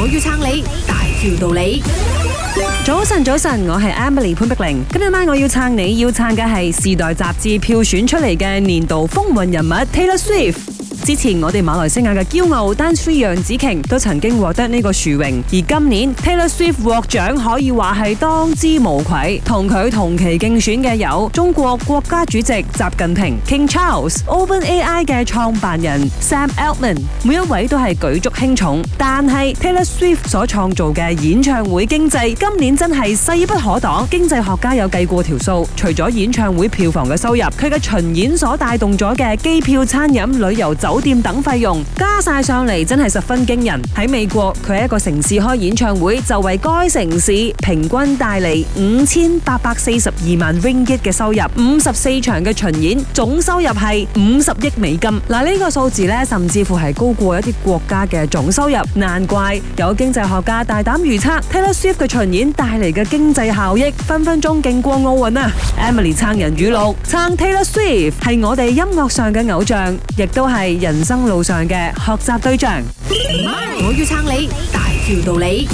我要撐你，大條道理。早晨，早晨，我係 Emily 潘碧玲，今日晚我要撐你，要撐嘅係《時代》雜誌票選出嚟嘅年度風雲人物 Taylor Swift。之前我哋馬來西亞嘅驕傲丹斯里楊紫瓊都曾經獲得呢個殊榮，而今年 Taylor Swift 獲獎可以話係當之無愧。同佢同期競選嘅有中國國家主席習近平、King Charles、Open AI 嘅創辦人 Sam Altman，每一位都係舉足輕重。但係 Taylor Swift 所創造嘅演唱會經濟今年真係勢不可擋。經濟學家有計過條數，除咗演唱會票房嘅收入，佢嘅巡演所帶動咗嘅機票、餐飲、旅遊、酒店等費用加晒上嚟，真係十分驚人。喺美國，佢喺一個城市開演唱會，就為該城市平均帶嚟五千八百四十二萬 ringgit 嘅收入。五十四場嘅巡演總收入係五十億美金。嗱，呢個數字呢，甚至乎係高過一啲國家嘅總收入。難怪有經濟學家大膽預測，Taylor Swift 嘅巡演帶嚟嘅經濟效益分分鐘勁過奧運啊！Emily 撐人語錄：撐 Taylor Swift 係我哋音樂上嘅偶像，亦都係。人生路上嘅學習對象，我要撐你，大條道理。